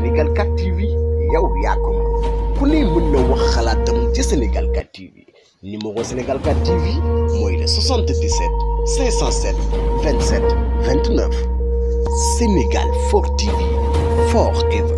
Sénégal 4 TV yow yaa ko ku ne mën wax xalaatam ci Sénégal 4 TV numéro Sénégal 4 TV mooy 77 507 27 29 Sénégal 4 TV forever.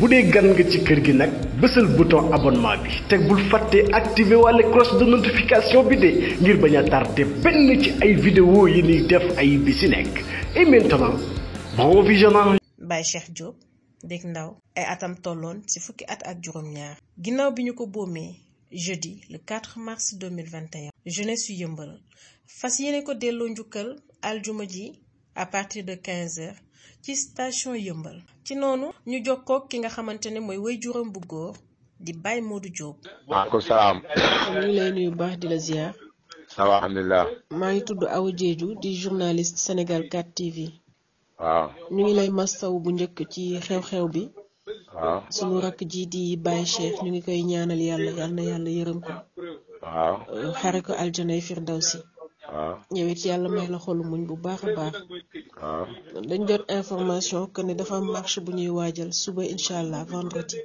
bu dee gan nga ci kër gi nag bésal bouton abonnement bi teg bul fàtte activé walla cloche de notification bi de ngir bañ a tardé benn ci ay vidéo yi ni def ay et maintenant bon visionnage. Baye Cheikh Diop dek ndaw ay atam tolloon ci fukki at ak juróom-ñaar ginnaw biñu ko bomé jeudi le 4 mars 2021 jeunesse yu yëmbal fas yéene ko delloo njukkal aljuma ji à partir de 15 h ci station yëmbal ci nonu ñu jokkoo ki nga xamantene moy way juróom bu goor di Baye Modou Diop. maaleykum salaam. ñu ngi lay nuyu baax di la ziar. ça va alhamdulilah. tuddu awu tudd di journaliste senegal 4 TV. waaw ñu ngi lay masaw bu njëkk ci xew-xew bi. waaw rakk ji di Baye Cheikh ñu ngi koy ñaanal yàlla yal na yàlla yërëm ko. waaw uh, xare ko aljanay firdawsi. waaw yow it yàlla may la xolu muñ bu baax a baax. dañ jot information que ne dafa am marche bu ñuy waajal suba incha allah vendredi.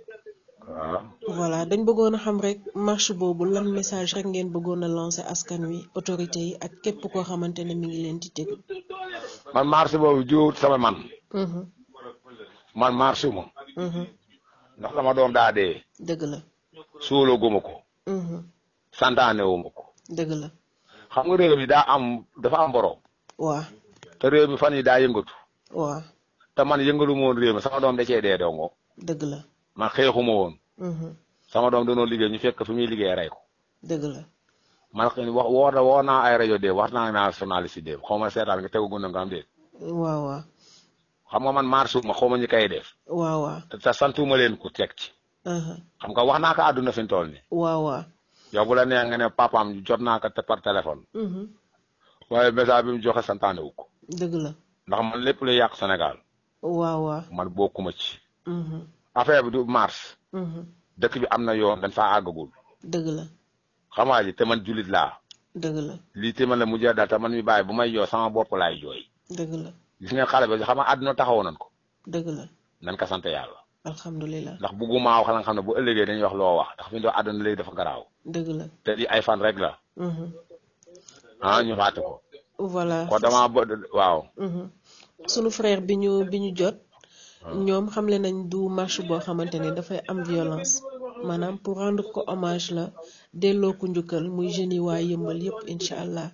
waaw voilà dañ bëggoon a xam rek marche boobu lan message rek ngeen bëggoon a lancer askan wi autorité yi ak képp koo xamante ne mi ngi leen di déglu. man marché boobu jiwut sama man. Mm-hmm. man marché ma. Mm-hmm. ndax sama doom daa dee. dëgg la. suuloo ko. Mm-hmm. santaane wu ko. dëgg la. xam nga réew mi daa am dafa am borom. waaw. te réew mi fan yi daa yëngatu. waaw. te man yëngalu ma woon réew mi sama doom cee dee dongo. dëgg la. man xeexu ma woon. sama doom danoo liggéey ñu fekk fi muy liggéey rey ko. man wax woo na woo naa ay rajo de wax naa naa journaliste de xaw ma seetaan nga tegu gën nga am de. waaw waaw. xam nga man marché ma xaw ma ñu def. waaw waaw te santuma leen ku teg ci. xam nga wax naa ko àdduna fi mu toll nii. waaw bu la nee nga ne papaam jot naa ko te par téléphone. Mhm. waaye message bi mu joxe santaane wu ko. la. ndax man lépp luy yàq Sénégal. waaw waaw man bokkuma ci. Mhm. affaire bi du mars. Mhm. dëkk bi am na yoon dañ faa àggagul. dëgg la. xamaa a te man jullit dëgg la lii te man la mu jëlaat daal man mi bàyyi bu may jooy sama bopp laay jooy. dëgg la gis ngeen xale bi xamaa àdduna taxawoon nañ ko. dëgg la nan ka sant yàlla. alhamdulilah ndax bugguma wax la nga xam ne bu ëllëgee dañuy wax loo wax ndax fi mu doon àdduna dafa garaaw. dëgg la te di ay fan rek la. Mhm. ah ñu fàtte ko. voilà kon damaa bë waaw. Mhm. sunu frère bi ñu bi ñu jot. Ah. ñoom xamle nañ du marche boo xamante ne dafay am violence maanaam pour rendre ko hommage la delloo ko njukkal muy jeunes yi waa yëmbal yëpp incha allah.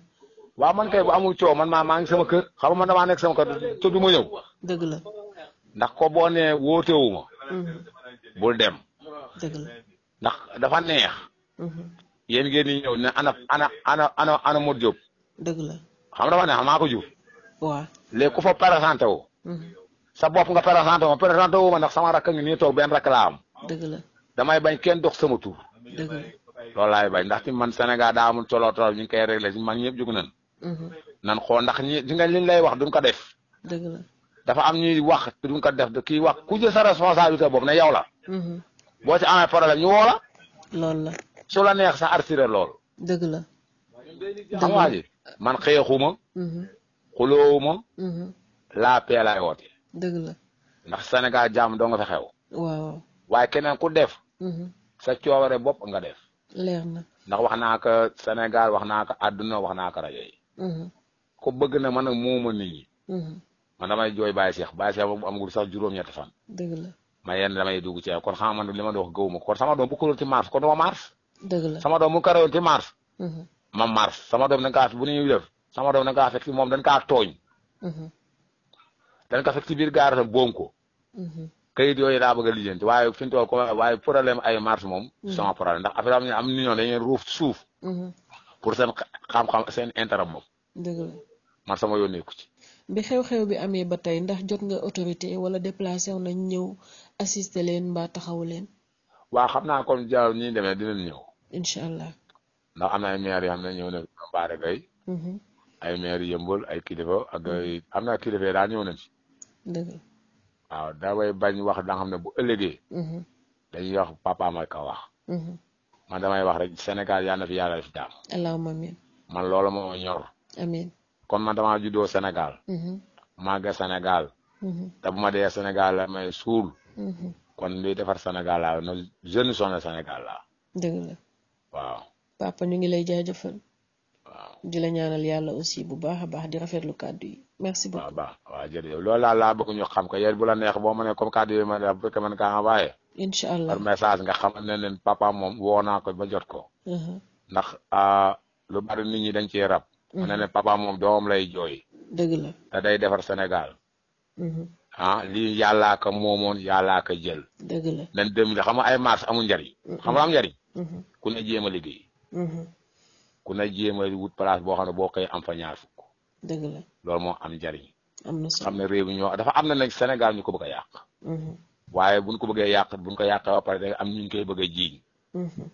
waaw man kay bu amul coow man maa maa ngi sama kër xam nga man damaa nekk sama kër te du ma ñëw. dëgg la. ndax ko boo nee wóotewu ma. Mhm. bul dem. dëgg la ndax dafa neex. Mhm. yen ngeen di ñëw ne ana ana ana ana ana Modou Diop. dëgg la xam dafa neex maa ko jur. waaw léegi ku fa présenté wu. Mhm. sa bopp nga pere ma présenté wu ma ndax sama rakk ngi nii toog benn rakk laa am. dëgg la damay bañ kenn dox sama tur. lool loolu laay bañ ndaxte man Sénégal daa amul tolo tolo ñu ngi koy réglé si mag ñëpp jóg nañ. Mhm. nan xool ndax ñi di nga lay wax duñ ko def. dafa am ñuy wax duñ ko def kii wax ku jël sa responsabilité boobu ne yow la. Mhm. boo ci amee problème ñu woo la. loolu la su neex sa artiré lool. dëgg la. xam nga ji man xeexuma. Mhm. xuloowuma. laa pee laay woote. dëgg la ndax Sénégal jàmm doo nga fa xew. waaw waaye keneen ku def. sa coobare bopp nga def. leer na ndax wax naa ko Sénégal wax naa ko àdduna wax naa ko rajo yi. Mhm. ko bëgg na ma na mooma nit ñi. Mhm. man jooy baay Cheikh Baye Cheikh am amagul sax juróom ñett fan. ma yen ma yenn damay dugg ci kon xam man li ma doon wax gëwuma kon sama doom bu ko ci mars kon dama mars. sama doom mu karoon ci mars. Mhm. ma mars sama doom dañ kaa bu ñuy def sama doom dañ kaa fekk moom dañ kaa tooñ. dañ kaa fekk ci biir gaar tam boom ko. kayit yooyu daa bëgg a lijjanti waaye fi mu toll waaye problème ay marche moom. Mhm. sama problème ndax affaire am ñu am ni ñoo dañuy ruuf suuf. Mhm. pour seen xam-xam seen intérêt moom. dëgg sama yoon nekku ci. bi xew-xew bi ame ba tey ndax jot nga autorité wala déplacé wu nañ ñëw assister leen mbaa taxaw leen. waa xam na comme jaww ñi demee dinañ ñëw. incha allah. ndax am na ay maire yoo xam ne ñëw nañ ko Mbaare Gueye. Mhm. ay maire yëmbul ay kilifa ak am na kilifa yi daal ñëw nañ ci. dëgg waaw way bañ wax da xamne bu ëllëgé bu mhm. dañ wax papa ma ko wax. Mhm. man damay wax rek Sénégal ya na fi yàlla fi jàmm. allahumma amin man loolu mo ñor. amin kon man dama juddo Sénégal. Mhm. màgg Sénégal. te bu buma dee Sénégal la may sul suul. kon luy défar Sénégal la no jeune sonna Sénégal la dëgg la. waaw. papa ñu ngi lay jaajëfal. waaw di la ñaanal yalla aussi bu baaxa baax di rafetlu kaddu yi merci beaucoup ah, ba wa jere lola la bëgg ñu xam ko yeen bu la neex bo mané comme cadeau yi ma da bëgg man ka envoyé inshallah par message nga xam na len papa mom wona ko ba jot ko mm-hmm. ndax a ah, lu bari nit ñi dañ ci rap mm-hmm. mané len papa mom doom lay joy deug la da day défar sénégal mm-hmm. ah li yalla ka momon yalla ka jël deug la nan dem xam ay mars amu ndari xam am njariñ ku ne jema liggey ku ne jema wut place bo xam am fa ñaar fuk dëgg la moo am njariñ am na xam ne réew mi ñoo am na nag Sénégal ñu ko bëgg a yàq mm-hmm. waaye buñ ko bëggee yàq buñ ko yàqee ba da am ñu ngi koy bëgg a jiiñ mm-hmm.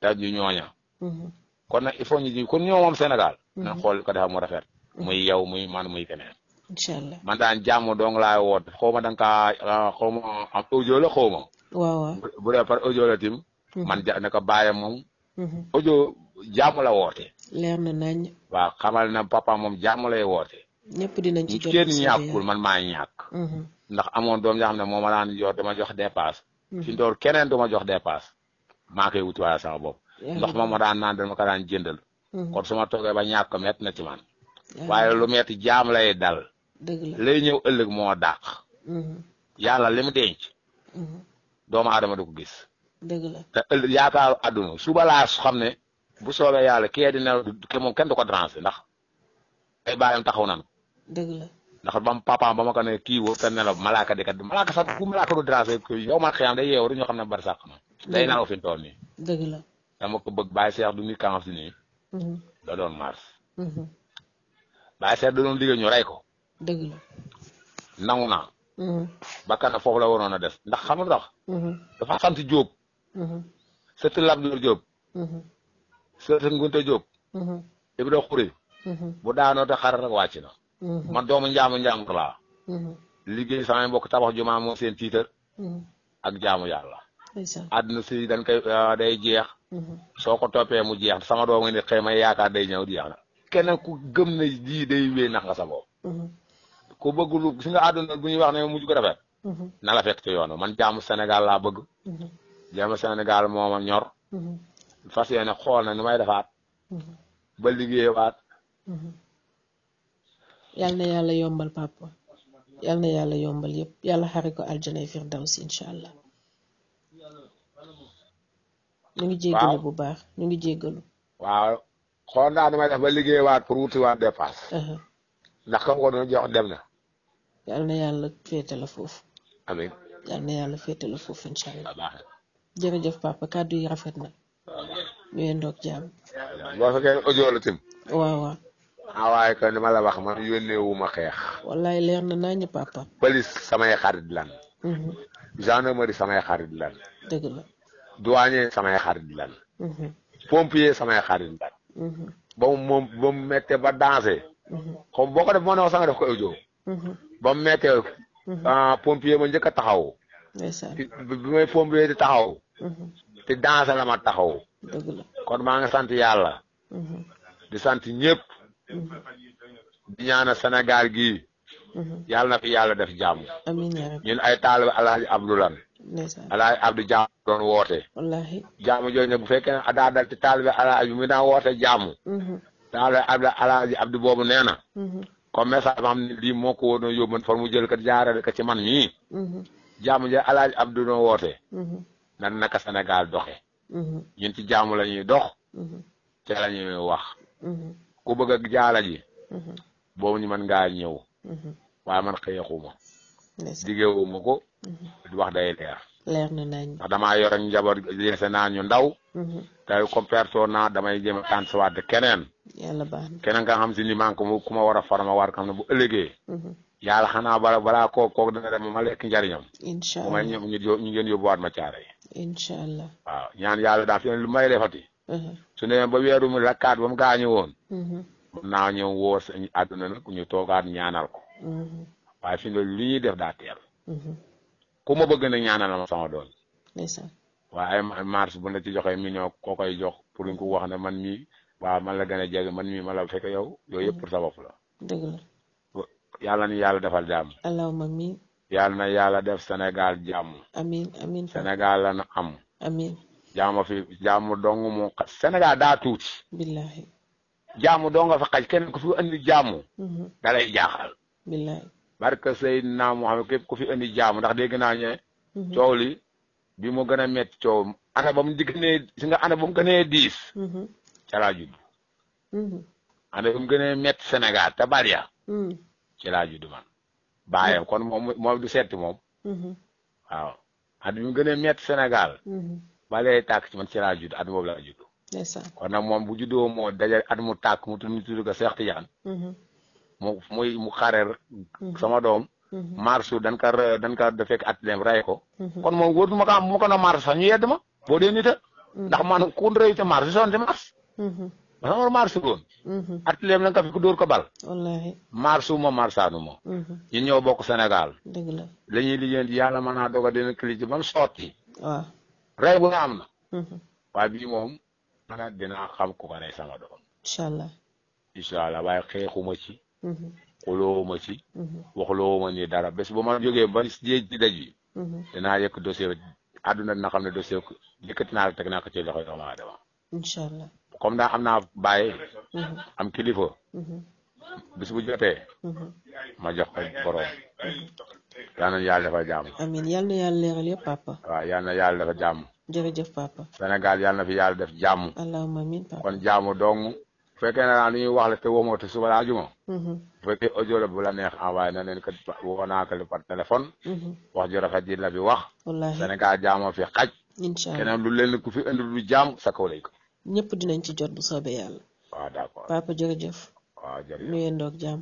te ñu ñooña mm-hmm. kon nag il faut ñu ji kon ñoo moom Sénégal nañ xool ko defa mu rafet muy yow muy man muy keneen incha allah man daan jàmm dong laay woot xaw ma da a kaa ah, xaw ma am audio la xaw ma waaw waaw bu tim man ja ne ko bàyyee moom audio jaamu la woote. leer na nañ. waaw xamal na papa moom jaamu lay woote. ñëpp dinañ ci jot kenn ñàkkul man maa ñàkk. Mhm. ndax amoon doom yoo xam ne moom ma daan yor dama jox dépasse. ci mhm. ndoor keneen du ma jox dépasse. maa koy wutiwaale sama bopp. ndox ma ma daan naan ma ko daan jëndal. Mhm. kon su ma toogee ba ñàkk met na ci man. waaye lu metti jaam lay dal. dëgg ñëw ëllëg moo dàq. yàlla li mu doom doomu aadama du gis. dëgg la suba laa xam ne. bu soobee yàlla kii dina ke moom kenn du ko déranger ndax ay bàyyam taxaw nañu. dëgg la ndax bam papaam ba ma ko ne kii woo te nelaw malaaka di kat malaaka sax ku malaaka du déranger yow man xëy day yeewu rek ñoo xam ne bari sax ma. day naaw fi mu nii. dëgg la dama ko bëgg bàyyi seex du nit kan si nii. Mhm. da doon mars. Mhm. bàyyi seex da doon liggéey ñu rey ko. dëgg la nangu naa. Mhm. bakkan foofu la waroon a des ndax xam nga tax. dafa sant Diop. sëtt Lamdoor Diop. Sër Ngunte Diop. Mm-hmm. Ibra Xuri. Mm-hmm. bu daanoo te xar rek wàcc na. Mm-hmm. man doomu njaamu njaamu laa. liggéey samay mbokk tabax jumaa moom seen tiitar. ak jaamu yàlla. àdduna si dañ koy ah, day jeex. soo ko toppee mu jeex sama doom nga ne xëy may yaakaar day ñëw jeex na. keneen ku gëm na lii day wéy nax nga sa ku bëgg lu si nga àdduna bu ñuy wax ne mujj ko rafet. na la fekk ci man jaamu Sénégal laa bëgg. jaamu Sénégal mooma ñor. fas yéene xool na nu may defaat. Mm-hmm. ba liggéeyewaat. Mm-hmm. yal na yàlla yombal papa yal na yàlla yombal yëpp yàlla xare ko aljanay firdawsi incha allah. ñu ngi jéggalu bu baax ñu ngi jéggalu. waaw xool naa nu may def ba liggéeyewaat pour wutiwaat dépasse. Uh-huh. ndax kam ko doon jox dem na. yal na yàlla féete la foofu. amiin yal na yàlla féete la foofu incha allah. jërëjëf papa kàddu yi rafet na. ñu yendoog jàmm. boo fekkee ne audio la tim. waaw waaw. ah waaye kon ma la wax man yónnee wu ma xeex. wallaay leer na naa ñu papa. police samay xarit lan. Mhm. gendarmerie samay xarit lan. dëgg samay xarit lan. Mhm. pompier samay xarit lan. Mhm. ba mu ba mu méttee boo ko def moo ne sax def ko audio. ba mu méttee. Ah, pompier ma njëkk a taxaw. bi may pompier di taxaw. te dansé la ma taxaw. kon maa ngi sant yàlla. di sant ñépp di ñaanal Sénégal gi yàlla na fi yàlla def jàmm. amiin ay taal Alhaji Abdou lan. Alhaji Abdou doon woote. wallaahi jàmm jooju bu fekkee ne daa dal ci taaliba Alhaji mi daan woote jàmm. Mhm. taaliba Abdou Alhaji boobu nee na. Mhm. comme message ma xam ne lii moo ko woon man fan mu jël ko jaarale ko ci man mii. Mhm. jàmm jooju Alhaji woote. nan naka Sénégal doxe Mm-hmm. ñun ci jaamu la dox. Mm-hmm. ca la ñuy wax. Mm-hmm. ku bëgg ak jaala ji. boobu ñu mën ngaa ñëw. waaye man xëyaxuma. diggéewuma ko. wax day leer. leer na nañ. ndax damaa yor ak njaboot yese naa ñu ndaw. Mm-hmm. tey naa damay jëm a tànn sawaat keneen. yàlla keneen nga xam si ni man ku ma war a farma war xam na bu ëllëgee. Mm-hmm. yàlla xanaa bala balaa koo kooku dana dem ma lekk njariñam. incha allah may ñëw ñu ñu ngeen yóbbuwaat ma caare yi. ñaan yàlla daal lu may defati. Mm-hmm. su ne ba weeru mu lakkaat ba mu woon. naa ñëw woo sa àdduna nag ñu toogaat ñaanal ko. waaye fi mu ne lu ñuy def daa teel. ku ma bëgg na ñaanal ma sama doon. waaye marche bu na ci joxee million koo koy jox pour nga ko wax ne man mii waaw man la gën a jege man mii ma la fekk yow yooyu yëpp pour sa bopp la. dëgg la. yàlla na yàlla defal jàmm. allahumma amiin. yàlla na yàlla def Sénégal jàmm. amiin amiin. Sénégal la na am. amiin. jàmm fi jàmm dong moo xaj Sénégal daa tuuti. billahi. jàmm dong nga fa xaj kenn ku fi andi jàmm. Mm-hmm. da lay jaaxal. billahi. barke Seydina Muhammad képp ku fi andi jàmm ndax dégg naa ñe. Mm-hmm. coow bi moo gën a métti coowam ana ba mu di gënee si nga ana ba mu gënee diis. Mm-hmm. ca laa judd. Mm-hmm. ana ba mu gënee métti Sénégal te bari ya. Mm. ci laa man. bàyyam kon moom moom du setti moom. Mm-hmm. waaw at bi mu gënee métti senegal ba lay tàkk ci man ci laa at boobu laa judd. kon nag moom bu juddoo moo mu tàkk mu tudd ñu tudd ko mu muy sama doom. Mm-hmm. marche dañ ka dañ ka at dem ray ko. Mm-hmm. kon moom wóor ma ko am mu ko na marche sax ñu yedd ma boo dee a. Mm-hmm. ndax man ku rëy te marche sonn te marche. dafa war a marche woon. at dem lañ ka fi ko bal. wallaahi wu ma marchaanu ma. ñun ñoo bokk Sénégal. dëgg la la ñuy liggéeyal yàlla mën naa doog a dina clic ba mu sotti. rey bu nga na. waaye bii moom dina xam ku ko rey sama doom. incha allah incha allah ci. xuloo ma ci. Mhm. waxuloo ma ni dara bés bu ma jógee ba jéeg ci daj bi. Mhm. dinaa yekk dossier bi àdduna dina xam ne dossier bi teg naa ko loxo doomu aadama. incha allah comme daa am naa bàyyi. Mhm. am kilifa. bis bu jotee. ma jox ko borom. yal na yàlla dafa jàmm. amiin na yàlla leeral yëpp Sénégal yal na fi yàlla def jàmm. allahumma amiin papa dong. fekkee na lu ñuy wax la te woo te suba la ajuma. o mhm. fekkee audio la bu la neex envoyé na leen kat woo par téléphone. Mhm. wax ju rafet ji la bi wax. wallaahi Sénégal jaamoo fi xaj. incha allah keneen lu leen ku fi indi lu jaam sa kaw lay ko. ñëpp dinañ ci jot bu soobee yàlla. waaw d' accord papa jërëjëf. waaw jërëjëf ñu yendoog jaam.